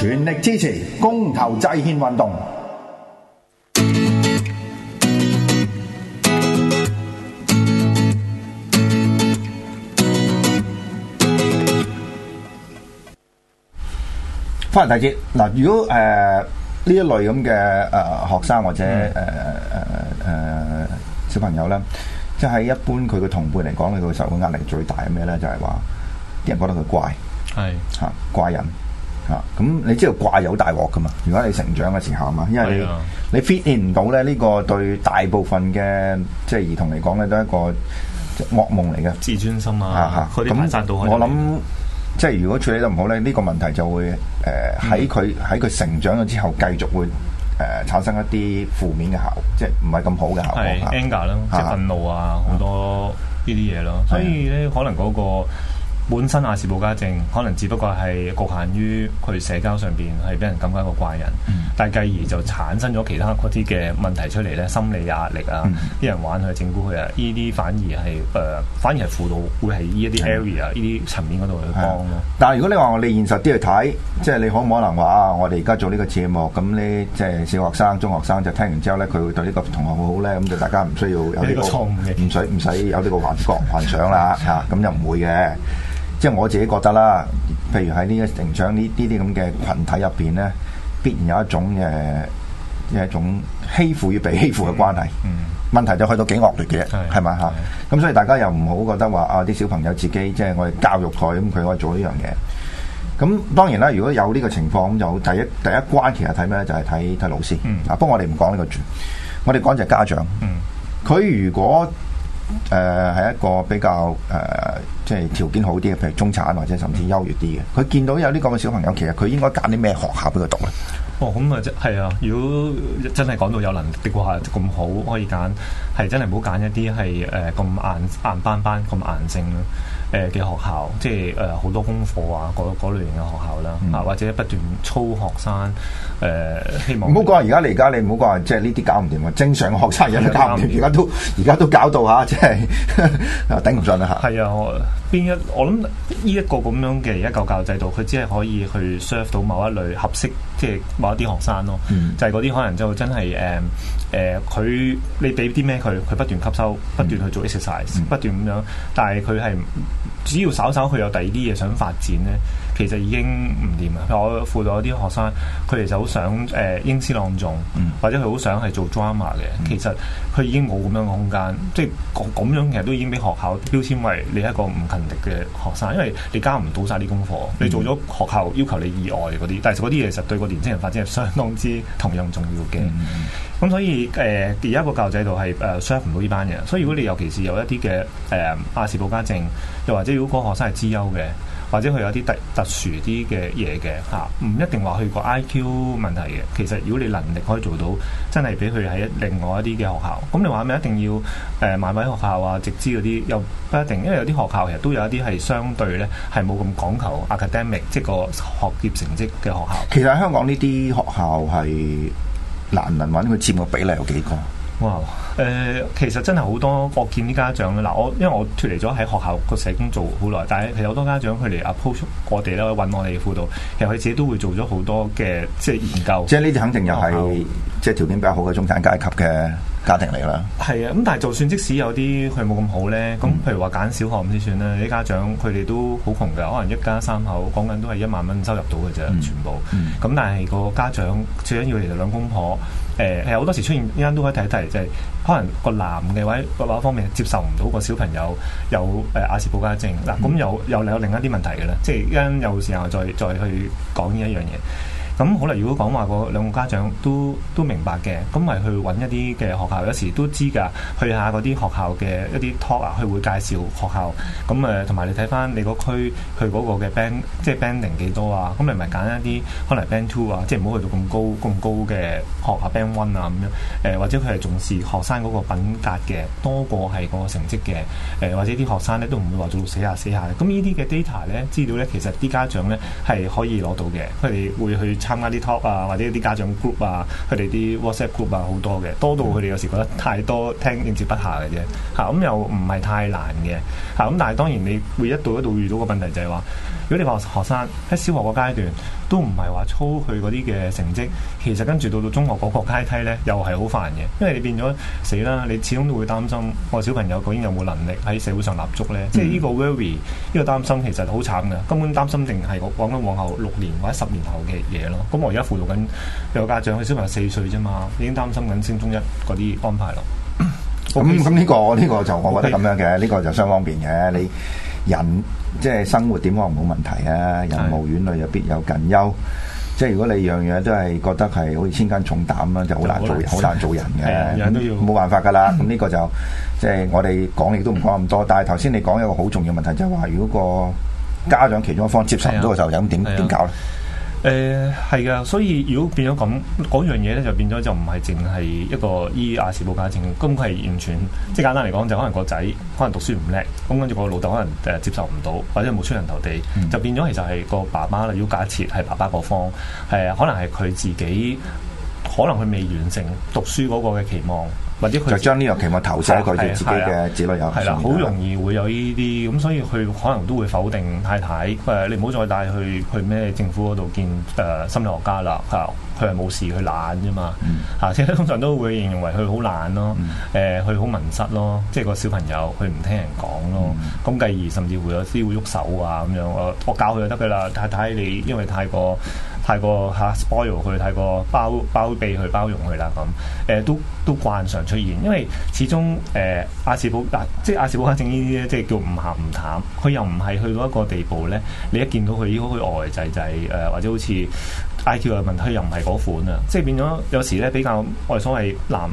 全力支持公投制憲運動。翻嚟大志嗱，如果誒呢、呃、一類咁嘅誒學生或者誒誒、嗯呃呃呃、小朋友咧，即、就、喺、是、一般佢嘅同輩嚟講佢佢受嘅壓力最大係咩咧？就係話啲人覺得佢怪，係嚇怪人。吓咁，你知道掛有大鑊噶嘛？如果你成長嘅時候啊，因為你你 fit in 唔到咧，呢個對大部分嘅即係兒童嚟講咧都係一個噩夢嚟嘅自尊心啊，嗰啲掙到我諗即係如果處理得唔好咧，呢個問題就會誒喺佢喺佢成長咗之後，繼續會誒產生一啲負面嘅效，即係唔係咁好嘅效果吓。anger 咯，即係憤怒啊，好多呢啲嘢咯。所以咧，可能嗰個。本身亞氏保加症可能只不過係局限於佢社交上邊，係俾人感覺一個怪人，嗯、但係繼而就產生咗其他嗰啲嘅問題出嚟咧，心理壓力啊，啲人玩佢整蠱佢啊，呢啲反而係誒、呃，反而係輔導會喺呢一啲 area 的、呢啲層面嗰度去幫。但係如果你話我哋現實啲去睇，即係你可唔可能話啊？我哋而家做呢個節目，咁呢即係小學生、中學生就聽完之後咧，佢會對呢個同學好好咧，咁就大家唔需要有呢啲唔使唔使有呢個幻覺 幻想啦嚇，咁又唔會嘅。即係我自己覺得啦，譬如喺呢個成長呢呢啲咁嘅群體入邊咧，必然有一種嘅、啊，一種欺負與被欺負嘅關係。嗯。嗯。問題就去到幾惡劣嘅，係咪、嗯？嚇吧？咁所以大家又唔好覺得話啊，啲小朋友自己即係我哋教育佢，咁佢可以做呢樣嘢。咁當然啦，如果有呢個情況就第一第一關其實睇咩咧？就係睇睇老師。啊、嗯，不過我哋唔講呢個住，我哋講就係家長。佢、嗯、如果。誒係、呃、一個比較誒、呃，即係條件好啲嘅，譬如中產或者甚至優越啲嘅。佢見到有呢個小朋友，其實佢應該揀啲咩學校俾佢讀咧？哦，咁、嗯、啊，即係啊，如果真係講到有能力嘅話，咁好可以揀，係真係唔好揀一啲係誒咁硬硬班班咁硬性咯。誒嘅、呃、學校，即係誒好多功課啊，嗰嗰類型嘅學校啦，嗯、啊或者不斷操學生誒、呃，希望唔好講。而家你而家你唔好講，即係呢啲搞唔掂啊！正常學生嘢都搞唔掂，而家都而家都搞到嚇、啊，即係 頂唔順啦嚇。係、嗯、啊，我。啊邊一我諗呢一個咁樣嘅一嚿教育制度，佢只係可以去 serve 到某一類合適，即係某一啲學生咯，mm. 就係嗰啲可能就真係誒誒，佢、呃呃、你俾啲咩佢，佢不斷吸收，不斷去做 exercise，mm. 不斷咁樣，但係佢係。Mm. 只要稍稍佢有第二啲嘢想發展咧，其實已經唔掂啦。我輔導一啲學生，佢哋就好想誒英詩朗誦，或者佢好想係做 drama 嘅。其實佢已經冇咁樣嘅空間，即係咁樣其實都已經俾學校標籤為你係一個唔勤力嘅學生，因為你交唔到晒啲功課，你做咗學校要求你以外嗰啲。但係嗰啲嘢其實對個年青人發展係相當之同樣重要嘅。咁所以誒而家個教育制度係誒 serve 唔到呢班嘅。所以如果你尤其是有一啲嘅誒亞氏保加症。或者如果個學生係資優嘅，或者佢有啲特特殊啲嘅嘢嘅嚇，唔一定話去過 I Q 問題嘅。其實如果你能力可以做到，真係俾佢喺另外一啲嘅學校。咁你話係咪一定要誒買位學校啊？直資嗰啲又不一定，因為有啲學校其實都有一啲係相對咧係冇咁講求 academic，即係個學業成績嘅學校。其實香港呢啲學校係難能揾，佢佔個比例有幾高？哇、呃！其實真係好多我見啲家長咧。嗱，我因為我脫離咗喺學校個社工做好耐，但係其實好多家長佢哋 approach 過嚟咧揾我哋輔導，其實佢自己都會做咗好多嘅即係研究。即係呢啲肯定又係校即係條件比較好嘅中產階級嘅家庭嚟啦。係啊，咁但係就算即使有啲佢冇咁好咧，咁譬如話揀小學先算啦。啲、嗯、家長佢哋都好窮㗎，可能一家三口講緊都係一萬蚊收入到嘅啫，全部。咁、嗯嗯嗯嗯、但係個家長最緊要其實兩公婆。誒係好多時出現，依間都可以提一提，就係、是、可能個男嘅位嗰方面接受唔到個小朋友有誒亞氏保加症，嗱、咁、嗯、有有有另一啲問題嘅咧，即係一間有時候再再去講呢一樣嘢。咁可能如果講話嗰兩個家長都都明白嘅，咁咪去揾一啲嘅學校，有時都知㗎，去下嗰啲學校嘅一啲 talk 啊，佢會介紹學校。咁誒，同埋你睇翻你區個區，佢嗰個嘅 band，即係 band 零幾多啊？咁你咪揀一啲可能 band two 啊，即係唔好去到咁高咁高嘅學校 band one 啊咁樣。誒、呃，或者佢係重視學生嗰個品格嘅，多過係嗰個成績嘅。誒、呃，或者啲學生咧都唔會話做死下死下嘅。咁呢啲嘅 data 咧資料咧，其實啲家長咧係可以攞到嘅，佢哋會去查參加啲 talk 啊，或者啲家長 group 啊，佢哋啲 WhatsApp group 啊，好多嘅，多到佢哋有時覺得太多聽應接不暇嘅啫。嚇、嗯，咁又唔係太難嘅。嚇、嗯，咁但係當然你會一度一度遇到個問題就係話。如果你話學生喺小學個階段都唔係話操佢嗰啲嘅成績，其實跟住到到中學嗰個階梯咧，又係好煩嘅，因為你變咗死啦，你始終都會擔心我小朋友究竟有冇能力喺社會上立足咧？嗯、即係呢個 worry，呢個擔心其實好慘嘅，根本擔心定係講緊往後六年或者十年後嘅嘢咯。咁、嗯、我而家輔導緊有家長，佢小朋友四歲啫嘛，已經擔心緊升中一嗰啲安排咯。咁咁呢個呢、呢個就我覺得咁樣嘅，呢 okay, 個就雙方面嘅你。人即係生活點講冇問題啊！人無遠慮，又必有近憂。是的 即係如果你樣樣都係覺得係好似千斤重擔啊，就好難做人，好的難做人嘅。人的、嗯、都要冇辦法噶啦。咁呢 個就即係我哋講亦都唔講咁多。但係頭先你講一個好重要問題，就是，就係話如果個家長其中一方接受唔到個時候，咁點點搞咧？誒係噶，所以如果變咗咁嗰樣嘢咧，就變咗就唔係淨係一個依亞視報價症嘅，咁佢係完全即係簡單嚟講，就是、可能個仔可能讀書唔叻，咁跟住個老豆可能誒接受唔到，或者冇出人頭地，嗯、就變咗其實係個爸爸，如果假設係爸爸嗰方係可能係佢自己可能佢未完成讀書嗰個嘅期望。或者佢就將呢樣期望投射喺佢自己嘅 子女有，係啦，好 容易會有呢啲，咁、嗯、所以佢可能都會否定太太，誒、哎，你唔好再帶佢去咩政府嗰度見誒、呃、心理學家啦，嚇，佢係冇事，佢懶啫嘛，嚇、啊，所以通常都會認為佢好懶咯，誒、呃，佢好文質咯，即係個小朋友佢唔聽人講咯，咁繼而甚至會有啲會喐手啊咁樣，我我教佢就得㗎啦，太太你因為你太過。太過嚇 spoil 佢，太過包包庇佢包容佢啦咁，誒、呃、都都慣常出現，因為始終誒、呃、阿士博嗱，即係阿士博格症呢啲咧，即係叫唔咸唔淡，佢又唔係去到一個地步咧，你一見到佢依個佢呆滯滯，誒、呃，或者好似 IQ 嘅問題，佢又唔係嗰款啊，即係變咗有時咧比較我哋所謂藍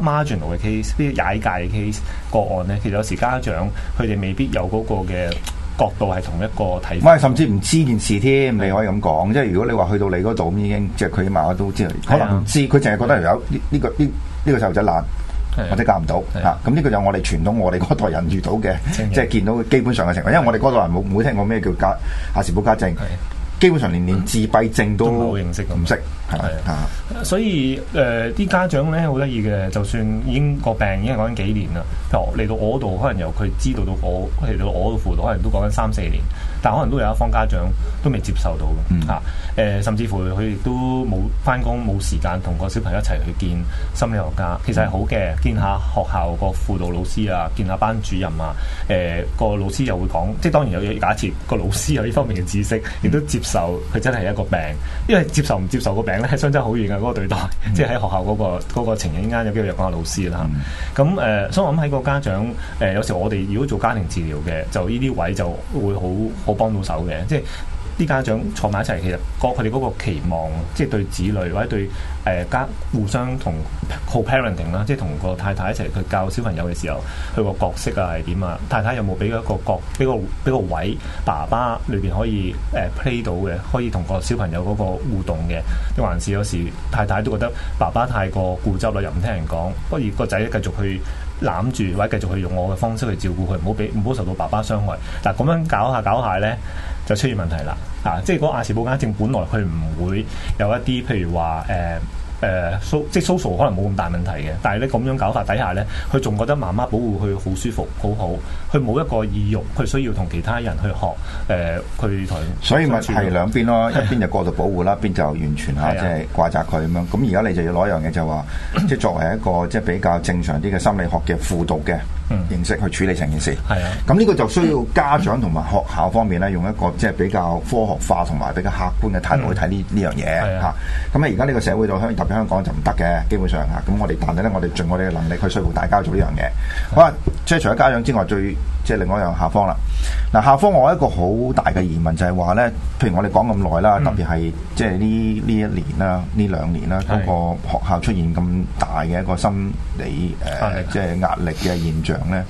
marginal 嘅 case，啲踩界嘅 case 個案咧，其實有時家長佢哋未必有嗰個嘅。角度係同一個睇，唔係甚至唔知件事添，你可以咁講，即係如果你話去到你嗰度咁已經，即係佢起碼都知，可能唔知，佢淨係覺得有呢個呢呢個細路仔難，或者教唔到嚇，咁呢個就係我哋傳統，我哋嗰代人遇到嘅，即係見到基本上嘅情況，因為我哋嗰代人冇冇聽過咩叫亞氏保加症，基本上連連自閉症都唔識。係啊，所以誒啲、呃、家長咧好得意嘅，就算已經、這個病已經講緊幾年啦。嚟到我度可能由佢知道到我嚟到我嘅輔導，可能都講緊三四年，但可能都有一方家長都未接受到嘅嚇。誒、嗯啊呃，甚至乎佢亦都冇返工冇時間同個小朋友一齊去見心理學家，其實係好嘅，嗯、見下學校個輔導老師啊，見下班主任啊。誒、呃、個老師又會講，即係當然有，假設個老師有呢方面嘅知識，亦都接受佢真係一個病，因為接受唔接受個病。相差好遠嘅嗰個對待，即係喺學校嗰個嗰個情形間，有機會嘢講下老師啦咁，誒，所以我諗喺個家長誒、呃，有時我哋如果做家庭治療嘅，就呢啲位就會好好幫到手嘅，即係。啲家長坐埋一齊，其實過佢哋嗰個期望，即係對子女或者對誒家、呃、互相同 co-parenting 啦，ing，即係同個太太一齊去教小朋友嘅時候，佢個角色啊係點啊？太太有冇俾一個角，俾個俾個位爸爸裏邊可以誒 play 到嘅，可以同個小朋友嗰個互動嘅？亦還是有時太太都覺得爸爸太過固執啦，又唔聽人講，不如個仔繼續去。攬住或者繼續去用我嘅方式去照顧佢，唔好俾唔好受到爸爸傷害。嗱，咁樣搞下搞下咧，就出現問題啦。啊，即係嗰亞氏保加症本來佢唔會有一啲，譬如話誒誒，即係 social 可能冇咁大問題嘅。但係咧，咁樣搞法底下咧，佢仲覺得媽媽保護佢好舒服，好好。佢冇一個意欲，佢需要同其他人去學，誒，去台。所以咪係兩邊咯，一邊就過度保護啦，一邊就完全嚇即係怪責佢咁樣。咁而家你就要攞一樣嘢就話，即係作為一個即係比較正常啲嘅心理學嘅輔導嘅形式去處理成件事。係啊。咁呢個就需要家長同埋學校方面咧，用一個即係比較科學化同埋比較客觀嘅態度去睇呢呢樣嘢嚇。咁啊，而家呢個社會度香，特別香港就唔得嘅，基本上嚇。咁我哋但係咧，我哋盡我哋嘅能力去說服大家做呢樣嘢。好啊，即係除咗家長之外，最即係另外一樣校方啦。嗱，校方我一個好大嘅疑問就係話呢，譬如我哋講咁耐啦，嗯、特別係即係呢呢一年啦、呢兩、嗯、年啦，嗰、嗯、個學校出現咁大嘅一個心理誒，即係壓力嘅現象呢。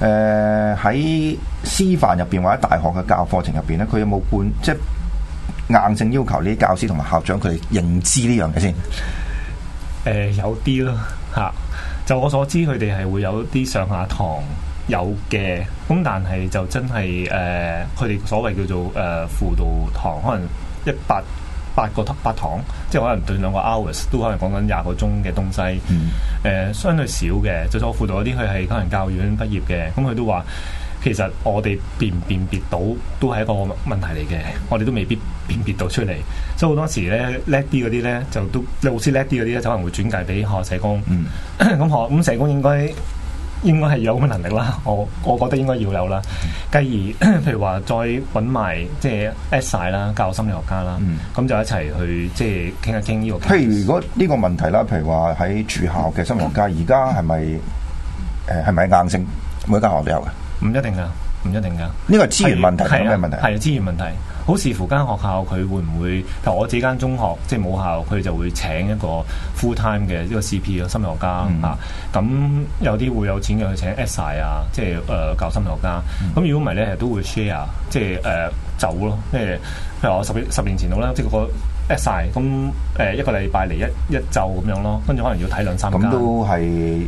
誒、呃，喺師範入邊或者大學嘅教課程入邊呢，佢有冇半即係硬性要求呢啲教師同埋校長佢哋認知呢樣嘢先？誒、呃，有啲咯吓，就我所知，佢哋係會有啲上下堂。有嘅，咁但係就真係誒，佢、呃、哋所謂叫做誒輔、呃、導堂，可能一百八個八堂，即係可能對兩個 hours 都可能講緊廿個鐘嘅東西，誒、嗯呃、相對少嘅。即使我輔導嗰啲，佢係可能教院畢業嘅，咁、嗯、佢都話其實我哋辨唔辨別到都係一個問題嚟嘅，我哋都未必辨別到出嚟。所以好多時咧叻啲嗰啲咧，就都老師叻啲嗰啲咧，就可能會轉介俾學校社工，咁、嗯、 學咁社工應該。應該係有咁嘅能力啦，我我覺得應該要有啦。繼而， 譬如話再揾埋即係 S 曬、SI、啦，教育心理學家啦，咁、嗯、就一齊去即係傾、嗯、一傾呢、呢個。譬如如果呢個問題啦，譬如話喺住校嘅心理學家，而家係咪誒係咪硬性每間學校都有嘅？唔一定噶，唔一定噶。呢個係資源問題，唔係咩、啊、問題。係、啊、資源問題。好視乎間學校佢會唔會？但我自己間中學即係母校，佢就會請一個 full time 嘅呢個 CP 嘅心理學家嚇。咁、嗯啊、有啲會有錢嘅去請 e s s 啊，即係誒教心理學家。咁如果唔係咧，都會 share，即、就、係、是、誒、呃、走咯。即係譬如我十十年前度啦，即係、那個。at 晒，咁，誒，一個禮拜嚟，一一晝咁樣咯，跟住可能要睇兩三間。咁都係，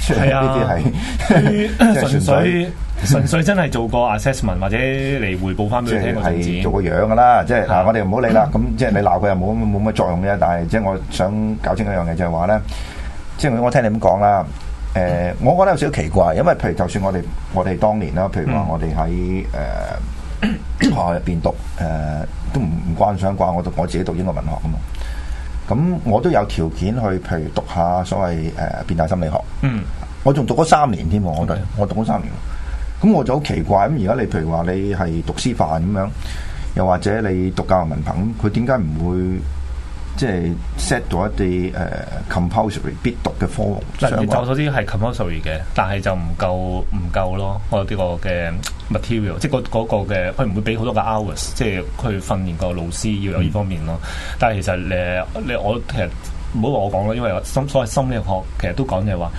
係啊，呢啲係純粹純粹真係做過 assessment 或者嚟匯報翻俾佢聽個樣子，做個樣噶啦，即係嗱，我哋唔好理啦。咁即係你鬧佢又冇冇乜作用嘅。但係即係我想搞清一樣嘢就係話咧，即係我聽你咁講啦。誒，我覺得有少少奇怪，因為譬如就算我哋我哋當年啦，譬如話我哋喺誒學校入邊讀誒。都唔唔關相關，我讀我自己讀英國文學㗎嘛。咁我都有條件去，譬如讀下所謂誒、呃、變態心理學。嗯，我仲讀咗三年添，嗯、我讀我讀咗三年。咁我就好奇怪，咁而家你譬如話你係讀師範咁樣，又或者你讀教育文憑，佢點解唔會？即係 set 到一啲誒、uh, compulsory 必讀嘅科目，嗱，你教嗰係 compulsory 嘅，但係就唔夠唔夠咯，我有啲個嘅 material，即係嗰個嘅，佢唔會俾好多嘅 hours，即係佢訓練個老師要有呢方面咯。但係其實誒，你我其實唔好話我講咯，因為心所謂心理學其實都講就係話。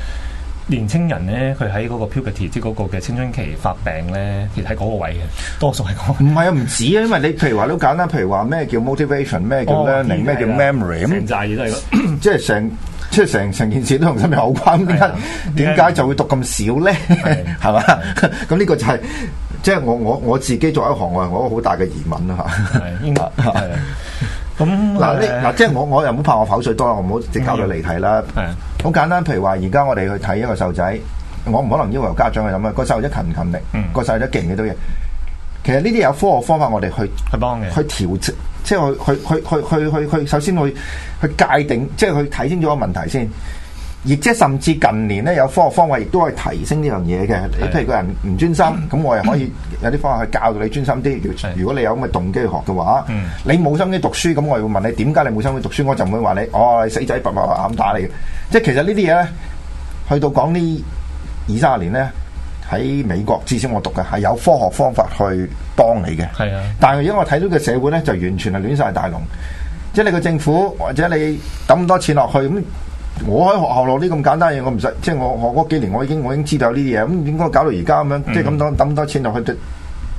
年青人咧，佢喺嗰個 puberty 即係嗰個嘅青春期發病咧，其實喺嗰個位嘅，多數係嗰。唔係啊，唔止啊，因為你譬如話都簡單，譬如話咩叫 motivation，咩叫 learning，咩、哦、叫 memory，咁成係咯，即係成即係成成件事都同心理有關，點解點解就會讀咁少咧？係嘛？咁呢個就係即係我我我自己作做一行我係我好大嘅疑問啦吓。咁嗱，啲嗱、嗯、即係我我又唔好怕我口水多，我唔好直刻佢離題啦。好、嗯、簡單，譬如話而家我哋去睇一個細路仔，我唔可能要求家長去諗啊。個細路仔勤唔勤力，個細路仔勁幾多嘢。其實呢啲有科學方法我，我哋去幫去幫嘅，去調即係去去去去去去，首先去去界定，即係去睇清楚個問題先。亦即係甚至近年咧有科學方法，亦都可以提升呢樣嘢嘅。你的譬如個人唔專心，咁、嗯、我又可以有啲方法去教到你專心啲。的如果你有咁嘅動機去學嘅話，嗯、你冇心機讀書，咁我會問你點解你冇心機讀書，我就唔會話你哦你死仔白白麻冚打你。即係其實呢啲嘢咧，去到講呢二三十年咧喺美國，至少我讀嘅係有科學方法去幫你嘅。係啊的，但係如果我睇到個社會咧，就完全係亂晒大龍，即係你個政府或者你抌咁多錢落去咁。我喺學校落啲咁簡單嘢，我唔使，即係我我嗰幾年我已經我已經知道呢啲嘢，咁點解搞到而家咁樣？嗯、即係咁多抌咁多錢入去對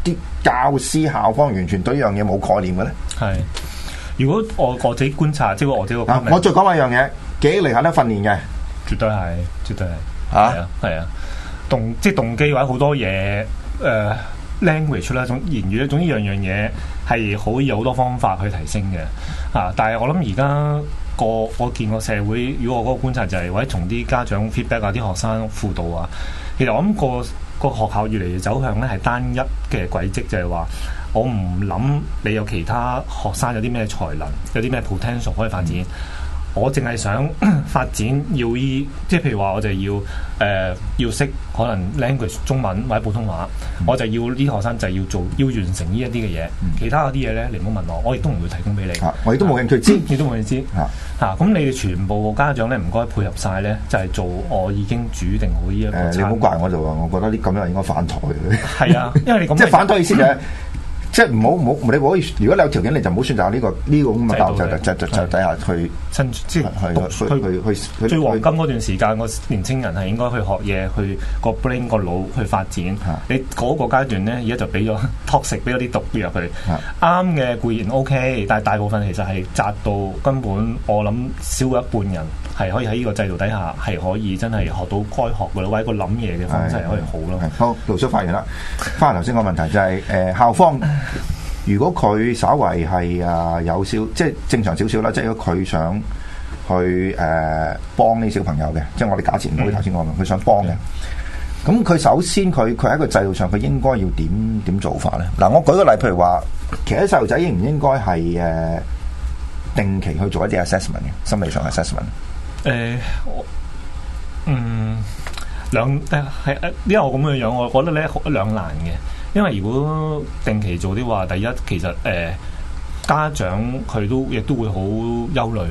啲教師校方完全對呢樣嘢冇概念嘅咧？係，如果我我自己觀察，即係我自己、啊、我再講埋一樣嘢，幾年厲害訓練嘅，絕對係，絕對係，啊，係啊，即動即係動機或者好多嘢，誒、呃、，language 啦，種言語啦，總之樣樣嘢係可以有好多方法去提升嘅，啊，但係我諗而家。個我見個社會，如果我嗰個觀察就係、是、或者從啲家長 feedback 啊、啲學生輔導啊，其實我諗個個學校越嚟越走向咧係單一嘅軌跡，就係、是、話我唔諗你有其他學生有啲咩才能，有啲咩 potential 可以發展。嗯。我淨係想發展要依，即係譬如話，我就要誒、呃、要識可能 language 中文或者普通話，嗯、我就要啲學生就係要做要完成呢一啲嘅嘢。嗯、其他嗰啲嘢咧，你唔好問我，我亦都唔會提供俾你、啊。我亦都冇興趣知，亦都冇興趣知。嚇、啊！咁、啊、你哋全部家長咧，唔該配合晒咧，就係、是、做我已經註定好呢一個、呃。你唔好怪我就話，我覺得啲咁樣應該反台。係 啊，因為你咁、就是、即係反台先嘅。 即係唔好唔好，你可以如果你有條件，你就唔好選擇呢個呢個咁嘅教育就就就底下去，趁即係讀書佢去最黃金嗰段時間，個年青人係應該去學嘢，去個 brain 個腦去發展。你嗰個階段咧，而家就俾咗 toxic，俾咗啲毒藥佢哋啱嘅固然 OK，但係大部分其實係砸到根本，我諗少過一半人。係可以喺呢個制度底下，係可以真係學到該學嘅咯，或者一個諗嘢嘅方式係可以好咯。好，盧叔發言啦。翻頭先個問題就係、是、誒、呃、校方，如果佢稍為係啊有少即係正常少少啦，即係如果佢想去誒、呃、幫呢啲小朋友嘅，即係我哋假設唔好假先頭先我問佢想幫嘅，咁佢的首先佢佢喺個制度上佢應該要點點做法咧？嗱，我舉個例，譬如話，其實細路仔應唔應該係誒定期去做一啲 assessment 嘅心理上 assessment？ 誒、欸，我嗯兩誒係誒，因為我咁嘅樣，我覺得咧兩難嘅。因為如果定期做啲話，第一其實誒、欸、家長佢都亦都會好憂慮。誒、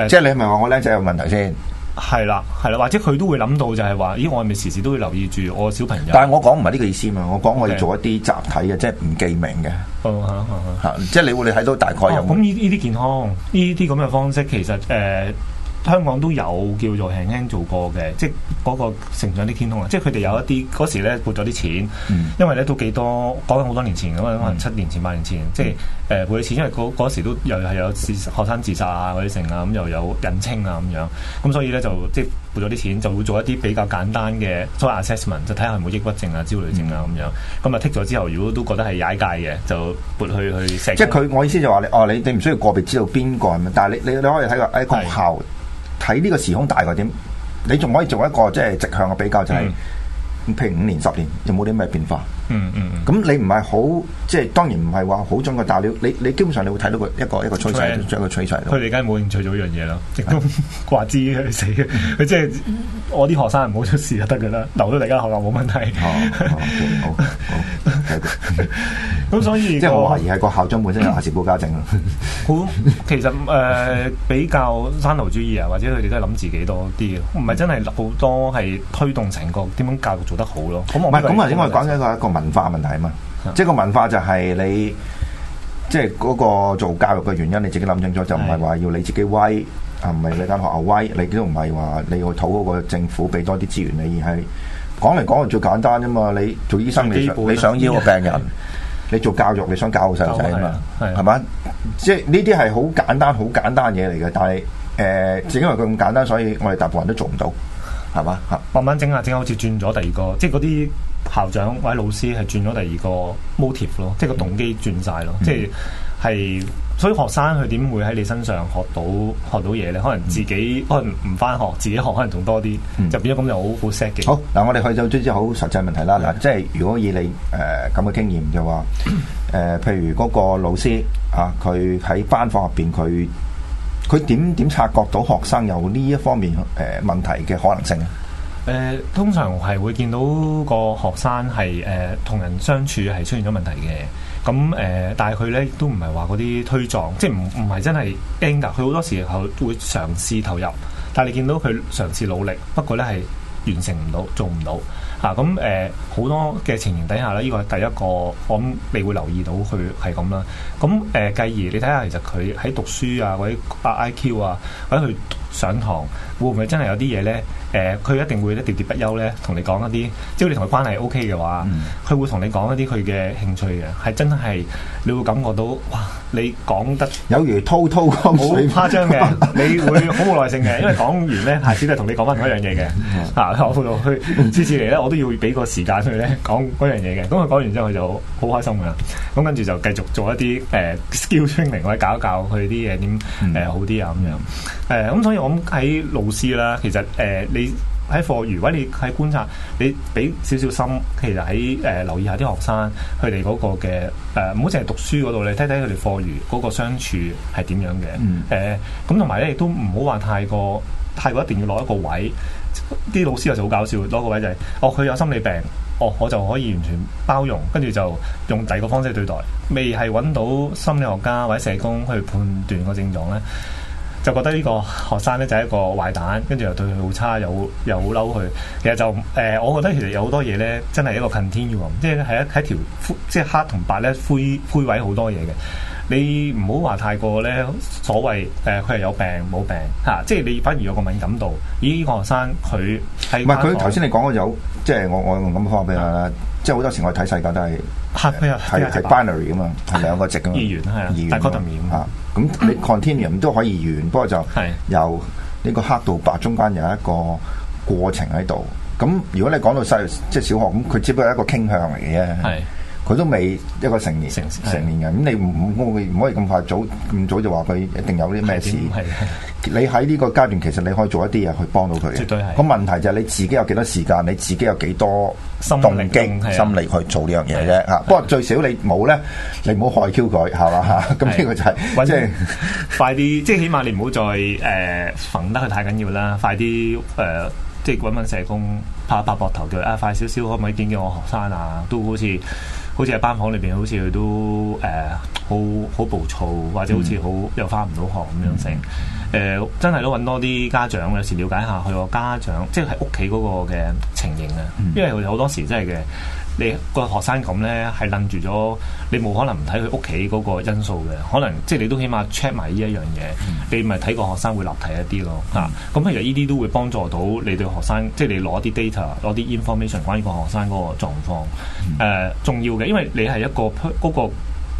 欸，即係你係咪話我僆仔有問題先？係啦，係啦，或者佢都會諗到就係話，咦，我係咪時時都要留意住我小朋友？但係我講唔係呢個意思嘛，我講我哋做一啲集體嘅，Okay. 即係唔記名嘅。Okay. 即係你會你睇到大概有。咁呢呢啲健康呢啲咁嘅方式，其實誒。呃香港都有叫做輕輕做過嘅，即係嗰個成長啲天空啊！即係佢哋有一啲嗰時咧撥咗啲錢，因為咧都幾多講緊好多年前咁啊，可能七年前、八年前，即係誒、呃、撥啲錢，因為嗰時都又係有學生自殺啊嗰啲成啊，咁又有認親啊咁樣，咁所以咧就即係撥咗啲錢就會做一啲比較簡單嘅所謂 assessment，就睇下係冇抑鬱症啊、焦慮症啊咁樣。咁啊剔咗之後，如果都覺得係踩界嘅，就撥去去即係佢。我意思就話你哦，你你唔需要個別知道邊個係咪，但係你你可以睇個喺學校。嗎睇呢個時空大個點，你仲可以做一個即係直向嘅比較就係、是、譬如五年、十年，有冇啲咩變化？嗯嗯，咁你唔係好，即係當然唔係話好中嘅，但料。你你基本上你會睇到佢一個一個趨勢，一個趨勢。佢哋而家冇興趣做呢樣嘢咯，掛知佢死嘅，佢即係我啲學生唔好出事就得噶啦，留到你間學校冇問題。咁所以即係我懷疑係個校長本身有阿時保家政啦。好，其實誒比較山頭主義啊，或者佢哋都係諗自己多啲唔係真係好多係推動成個點樣教育做得好咯。唔係咁，或者我講緊一個。文化問題啊嘛，即係個文化就係你，即係嗰個做教育嘅原因，你自己諗清楚就唔係話要你自己威，係唔係你間學校威？你都唔係話你要討嗰個政府俾多啲資源你，而係講嚟講去，最簡單啫嘛。你做醫生，你想你想要個病人；你做教育，你想教個細路仔啊嘛，係嘛？即係呢啲係好簡單、好簡單嘢嚟嘅，但係誒，呃、因為佢咁簡單，所以我哋大部分人都做唔到，係嘛？嚇，慢慢整下，整下好似轉咗第二個，即係啲。校長或者老師係轉咗第二個 motive 咯，即係個動機轉晒咯，嗯、即係係所以學生佢點會喺你身上學到學到嘢咧？可能自己、嗯、可能唔翻學，自己學可能仲多啲、嗯，就變咗咁就好好 sad 嘅。好嗱的，我哋去到最之好實際問題啦。嗱，即係如果以你誒咁嘅經驗嘅話，誒、呃，譬如嗰個老師啊，佢喺班房入邊，佢佢點點察覺到學生有呢一方面誒問題嘅可能性咧？誒、呃、通常係會見到個學生係誒同人相處係出現咗問題嘅，咁、呃、誒但係佢咧都唔係話嗰啲推撞，即係唔唔係真係 anger 佢好多時候會嘗試投入，但係你見到佢嘗試努力，不過咧係完成唔到，做唔到嚇。咁誒好多嘅情形底下咧，依、這個係第一個我諗你會留意到佢係咁啦。咁、啊、誒、呃、繼而你睇下，其實佢喺讀書啊，或者百 IQ 啊，或者佢上堂。會唔會真係有啲嘢咧？誒、呃，佢一定會咧喋喋不休咧，同你講一啲，只要你同佢關係 O K 嘅話，佢、嗯、會同你講一啲佢嘅興趣嘅，係真係你會感覺到哇！你講得有如滔滔江水、嗯，誇張嘅， 你會好無耐性嘅，因為講完咧，下次咧同你講翻另一樣嘢嘅。啊，我去次次嚟咧，我都要俾個時間佢咧講嗰樣嘢嘅。咁佢講完之後，佢就好好開心嘅。咁跟住就繼續做一啲誒、uh, skill training，或者搞一搞佢啲嘢點誒好啲啊咁樣。誒，咁、uh, 所以我喺路。Um, 老師啦，其實誒、呃，你喺課餘或者你喺觀察，你俾少少心，其實喺誒、呃、留意下啲學生，佢哋嗰個嘅誒，唔好淨係讀書嗰度，你睇睇佢哋課餘嗰個相處係點樣嘅。誒、嗯，咁同埋咧，亦都唔好話太過太過一定要攞一個位，啲老師有時好搞笑，攞個位就係、是、哦，佢有心理病，哦，我就可以完全包容，跟住就用第二個方式去對待，未係搵到心理學家或者社工去判斷個症狀咧。就覺得呢個學生咧就係、是、一個壞蛋，跟住又對佢好差，又又好嬲佢。其實就誒、呃，我覺得其實有好多嘢咧，真係一個 continuum，即係喺喺條即係黑同白咧，灰灰位好多嘢嘅。你唔好話太過咧，所謂誒佢係有病冇病嚇、啊，即係你反而有個敏感度。咦，呢個學生佢唔係佢頭先你講嘅有，即、就、係、是、我我用咁嘅方法俾佢，即係好多時我睇世界都係。黑啊，較係係 binary 啊嘛，係兩個值啊嘛。二元係啊，二元嚇。咁你 continuum 都可以二元，不過就由呢個黑到白中間有一個過程喺度。咁如果你講到細即係小學，咁佢只不過係一個傾向嚟嘅啫。佢都未一個成年成成年人，咁你唔唔可以咁快早咁早就話佢一定有啲咩事？你喺呢個階段，其實你可以做一啲嘢去幫到佢嘅。絕對係，個問題就係你自己有幾多時間，你自己有幾多動心靈、心力去做呢樣嘢啫。嚇，不過最少你冇咧，你唔好害 Q 佢係嘛嚇。咁呢 個就係或者快啲，即係起碼你唔好再誒縫、呃、得佢太緊要啦。快啲誒、呃，即係揾揾社工拍一拍膊頭叫佢啊，快少少可唔可以點啲我學生啊，都好似～好似喺班房裏邊，好似佢都誒好好暴躁，或者好似好又返唔到學咁樣成。誒、呃、真係都搵多啲家長，有時了解下佢個家長，即係屋企嗰個嘅情形啊。因為佢哋好多時真係嘅。你個學生咁咧，係楞住咗。你冇可能唔睇佢屋企嗰個因素嘅，可能即係你都起碼 check 埋呢一樣嘢。你咪睇個學生會立體一啲咯嚇。咁其實呢啲都會幫助到你對學生，即係你攞啲 data、攞啲 information 關於個學生嗰個狀況。嗯呃、重要嘅，因為你係一個嗰、嗰個、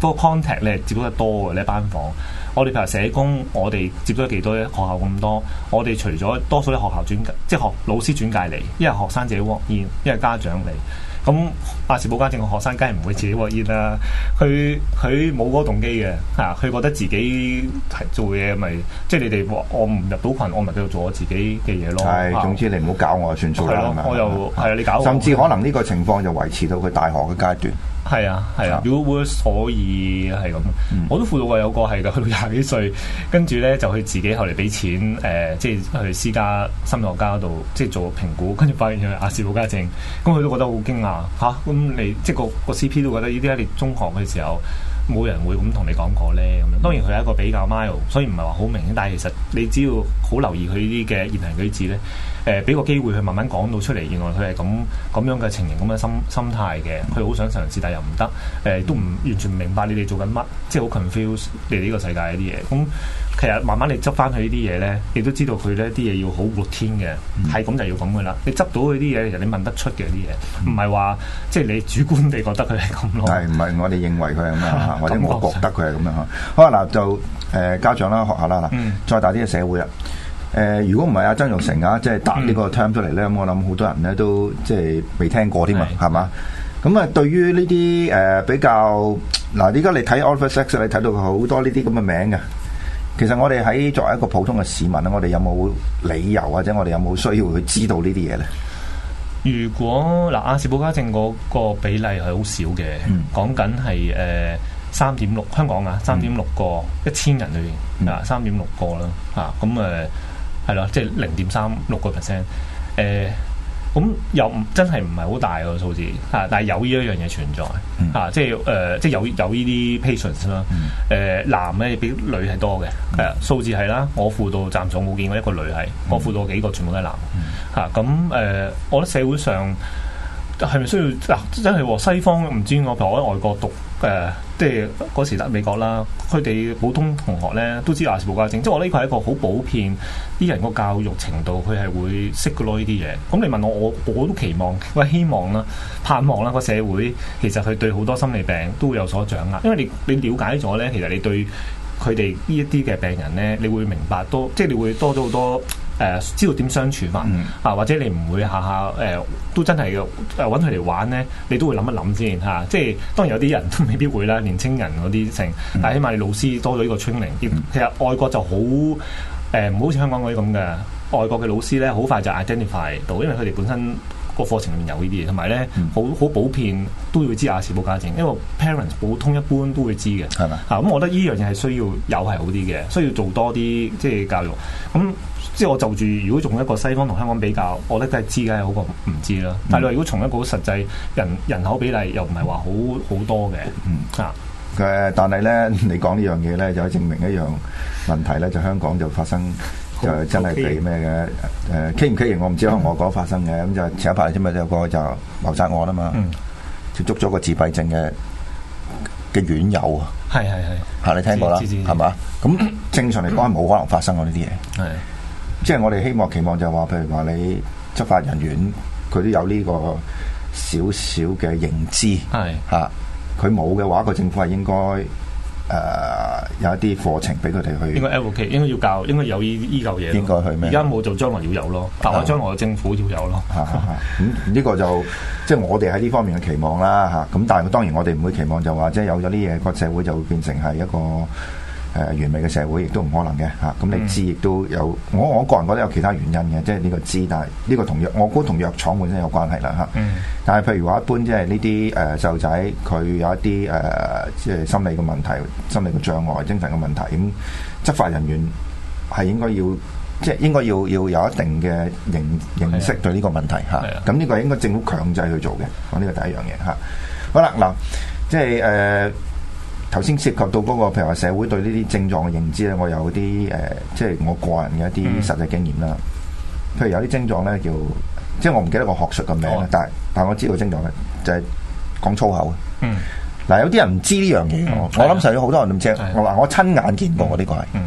嗰個、contact，你係接得得多嘅。你班房，我哋譬如社工，我哋接咗幾多咧？學校咁多，我哋除咗多數啲學校轉即係學老師轉介嚟，因為學生自己 walk in，然，因為家長嚟。咁亞氏保加症嘅學生，梗係唔會自己喎煙啦。佢佢冇嗰個動機嘅，嚇、啊、佢覺得自己係做嘢、就是，咪即係你哋我唔入到群，我咪繼續做我自己嘅嘢咯。係是，啊、總之你唔好搞我就算數啦。係咯了，我又係啊，你搞我甚至可能呢個情況就維持到佢大學嘅階段。係啊，係啊，如果會所以係咁，嗯、我都輔導過有個係嘅，去到廿幾歲，跟住咧就佢自己後嚟俾錢，誒、呃，即係去私家心理學家度，即係做個評估，跟住發現佢係亞氏保加症，咁佢都覺得好驚訝嚇，咁、啊、你即係個個 CP 都覺得呢啲咧，你中學嘅時候。冇人會咁同你講過咧，咁樣當然佢係一個比較 mild，所以唔係話好明顯。但係其實你只要好留意佢呢啲嘅言行舉止咧，誒、呃、俾個機會佢慢慢講到出嚟，原來佢係咁咁樣嘅情形、咁嘅心心態嘅，佢好想嘗試，但又唔得，誒、呃、都唔完全唔明白你哋做緊乜，即係好 confuse 你哋呢個世界一啲嘢，咁、嗯。其實慢慢你執翻佢呢啲嘢咧，你都知道佢咧啲嘢要好活天嘅，係咁、嗯、就要咁嘅啦。你執到佢啲嘢，其實你問得出嘅啲嘢，唔係話即係你主觀地覺得佢係咁咯，係唔係？我哋認為佢係咁樣嚇， 或者我覺得佢係咁樣嚇。好啊，嗱就誒、呃、家長啦，學校啦嗱，嗯、再大啲嘅社會啦。誒、呃，如果唔係阿曾玉成啊，即係搭呢個 term 出嚟咧，咁、嗯、我諗好多人咧都即係未聽過添嘛，係嘛是？咁啊，對於呢啲誒比較嗱，而、呃、家你睇 Office Sex，你睇到佢好多呢啲咁嘅名嘅。其實我哋喺作為一個普通嘅市民咧，我哋有冇理由或者我哋有冇需要去知道呢啲嘢咧？如果嗱亞氏保加症嗰個比例係好少嘅，講緊係誒三點六香港啊，三點六個一千人裏邊嗱，三點六個啦，啊咁誒係啦，即係零點三六個 percent 誒。呃咁又唔真係唔係好大個，啊啊呃啊啊，數字嚇，但係有呢一樣嘢存在嚇，即係誒，即係有有呢啲 patience 啦。誒男咧比女係多嘅，係數字係啦。我輔導暫時我冇見過一個女係，我輔導幾個全部都係男嚇。咁，啊，誒，啊啊，我覺得社會上係咪需要嗱，啊？真係西方唔知我頭先喺外國讀誒。啊即係嗰時啦，美國啦，佢哋普通同學咧都知亞氏保加症，即係我呢個係一個好普遍啲人個教育程度，佢係會識到呢啲嘢。咁你問我，我我都期望，我希望啦，盼望啦，個社會其實佢對好多心理病都會有所掌握，因為你你瞭解咗咧，其實你對佢哋呢一啲嘅病人咧，你會明白多，即係你會多咗好多。誒知道點相處法，嗯、啊，或者你唔會下下誒、呃、都真係誒揾佢嚟玩咧，你都會諗一諗先嚇。即係當然有啲人都未必會啦，年青人嗰啲性，嗯、但係起碼你老師多咗呢個 training，嗯。其實外國就好誒，唔好似香港嗰啲咁嘅，外國嘅老師咧，好快就 identify 到，因為佢哋本身。個課程裏面有，有呢啲嘢，同埋咧好好普遍都會知亞視冇家政，因為 parents 普通一般都會知嘅。係咪吧？啊，咁、嗯、我覺得呢樣嘢係需要有係好啲嘅，需要做多啲即係教育。咁、嗯、即係我就住，如果從一個西方同香港比較，我覺得梗係知梗係好過唔知啦。但係如果從一個實際人人口比例又，又唔係話好好多嘅。嗯，嗯啊，誒，但係咧，你講呢樣嘢咧，就可以證明一樣問題咧，就香港就發生。就真係畀咩嘅？誒 Okay.、啊，蹊唔蹊蹺，我唔知可能我講發生嘅咁、mm. 就前一排啫、就是、嘛，有個就謀殺案啦嘛，就捉咗個自閉症嘅嘅院友啊！係係係嚇，你聽過啦？係嘛？咁正常嚟講係冇可能發生過呢啲嘢。係，mm. 即係我哋希望期望就係話，譬如話你執法人員佢都有呢個少少嘅認知。係嚇、mm.，佢冇嘅話，個政府係應該。誒、呃、有一啲課程俾佢哋去，應該 advocate 應該要教，應該有依依舊嘢。應該去咩？而家冇做，將來要有咯。但係將來嘅政府要有咯。嚇，咁呢個就 即係我哋喺呢方面嘅期望啦。嚇、啊，咁但係當然我哋唔會期望就話即係有咗啲嘢，個社會就會變成係一個。誒、呃、完美嘅社會亦都唔可能嘅嚇，咁、啊、你知亦都有我我個人覺得有其他原因嘅，即係呢個知，但係呢個同藥我估同藥廠本身有關係啦嚇。但係譬如話一般即係呢啲誒細路仔佢有一啲誒、呃、即係心理嘅問題、心理嘅障礙、精神嘅問題咁、嗯，執法人員係應該要即係應該要要有一定嘅認認識對呢個問題嚇。咁、啊、呢個應該政府強制去做嘅，我、啊、呢、呢個第一樣嘢嚇、啊。好啦嗱，即係誒，呃頭先涉及到嗰個，譬如話社會對呢啲症狀嘅認知咧，我有啲誒，即係我個人嘅一啲實際經驗啦。譬如有啲症狀咧，叫即係我唔記得個學術個名，但係但係我知道症狀咧，就係講粗口。嗯。嗱有啲人唔知呢樣嘢，我諗實有好多人咁。我話我親眼見過，我呢個係，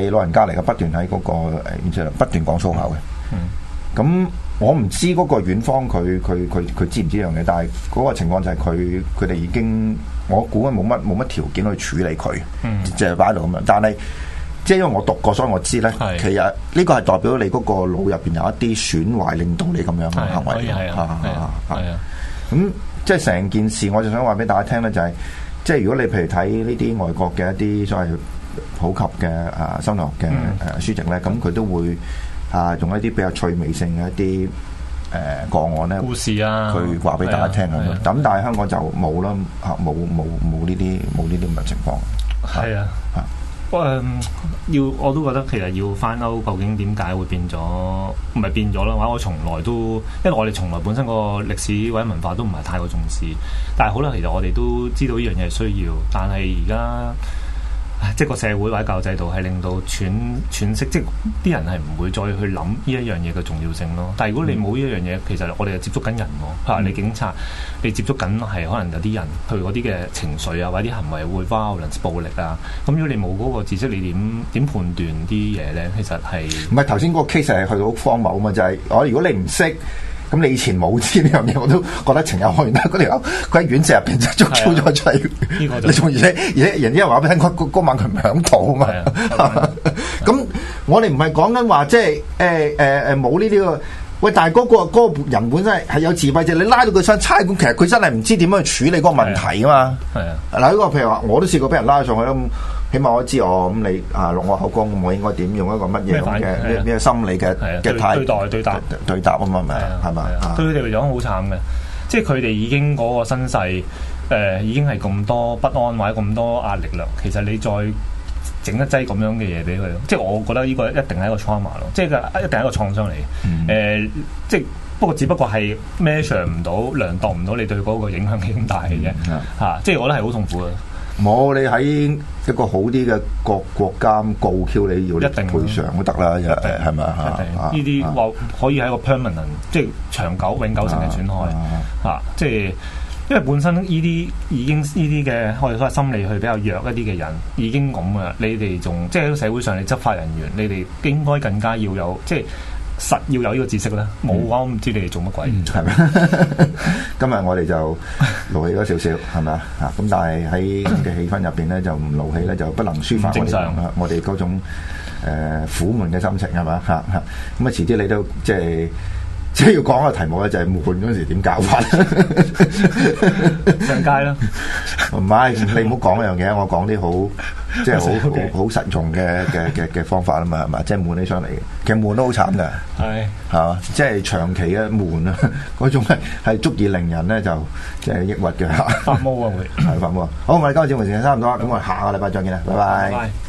係老人家嚟嘅，不斷喺嗰個誒不斷講粗口嘅。咁我唔知嗰個院方佢佢佢佢知唔知呢樣嘢，但係嗰個情況就係佢佢哋已經。我估啊冇乜冇乜條件去處理佢，就擺喺度咁樣。但係，即係因為我讀過，所以我知咧，是其實呢個係代表你嗰個腦入邊有一啲損壞，令到你咁樣嘅行為。係的啊，係啊，係啊。咁即係成件事，我就想話俾大家聽咧，就係、是、即係如果你譬如睇呢啲外國嘅一啲所謂普及嘅啊心理學嘅誒書籍咧，咁、呃、佢都會啊用一啲比較趣味性嘅一啲。誒，個案咧，故事啊，佢話俾大家聽咁樣，咁但係香港就冇啦，吓冇冇冇呢啲冇呢啲咁嘅情況。係啊，誒、啊，嗯、要我都覺得其實要翻歐，究竟點解會變咗？唔係變咗啦，我從來都，因為我哋從來本身個歷史或者文化都唔係太過重視，但係好啦，其實我哋都知道呢樣嘢係需要，但係而家。即係個社會或者教育制度係令到喘息，即係啲人係唔會再去諗呢一樣嘢嘅重要性咯。但係如果你冇呢一樣嘢，嗯、其實我哋又接觸緊人喎，嗯、你警察，你接觸緊係可能有啲人，譬如嗰啲嘅情緒啊或者啲行為會 violence 暴力啊。咁如果你冇嗰個知識，你點點判斷啲嘢咧？其實係唔係頭先嗰個 case 係去到荒謬嘛？就係、是、我如果你唔識。咁、嗯、你以前冇知呢樣嘢，我都覺得情有可原。但係嗰條友，佢喺院舍入邊就捉粗咗出嚟。你仲而且而且人，人，因為話俾你聽，嗰晚佢唔係咁啊嘛。咁我哋唔係講緊話，即係誒誒誒冇呢啲個。喂，大哥、嗰個，嗰、嗰個人本身係有自閉症，你拉到佢上差館，其實佢真係唔知點樣去處理嗰個問題啊嘛。係啊，嗱、嗯，呢個譬如話，我都試過俾人拉上去啦。嗯起碼我知我咁你啊，落我口供，我應該點用一個乜嘢嘅咩心理嘅嘅態度對待對答對答啊嘛，咪係咪？啊？對佢哋嚟講好慘嘅，即係佢哋已經嗰個身世誒、呃，已經係咁多不安或者咁多壓力啦。其實你再整一劑咁樣嘅嘢俾佢，即係我覺得呢個一定係一個 trauma 咯，即係一定係一個創傷嚟嘅。誒、嗯，即係不過只不過係 measure 唔到、量度唔到你對嗰個影響幾大嘅啫。嚇，即係我覺得係好痛苦嘅。冇，你喺一個好啲嘅國國家告 Q 你要一定賠償都得啦，誒係咪啊？呢啲話可以喺個 permanent，即係長久永久性嘅損害啊！即係、啊就是、因為本身呢啲已經呢啲嘅，我哋所謂心理去比較弱一啲嘅人，已經咁噶啦。你哋仲即係喺社會上，嘅執法人員，你哋應該更加要有即係。就是實要有呢個知識啦，冇嘅話我唔知你哋做乜鬼。係咪、嗯？ 今日我哋就勞氣咗少少，係咪啊？吓，咁但係喺咁嘅氣氛入邊咧，就唔勞氣咧，就不能抒發我哋正我哋嗰種誒、呃、苦悶嘅心情，係咪吓吓，咁啊，遲、嗯、啲你都即係。即係要講個題目咧，就係悶嗰時點搞法上街啦。唔係，你唔好講呢樣嘢，我講啲好即係好好實用嘅嘅嘅嘅方法啊嘛，係嘛？即係悶起上嚟，其實悶都好慘噶，係係嘛？即係長期嘅悶啊，嗰種係係足以令人咧就即係抑鬱嘅。發毛啊會，係發毛。好，我哋今日節目時間差唔多，咁我哋下個禮拜再見啦，拜拜。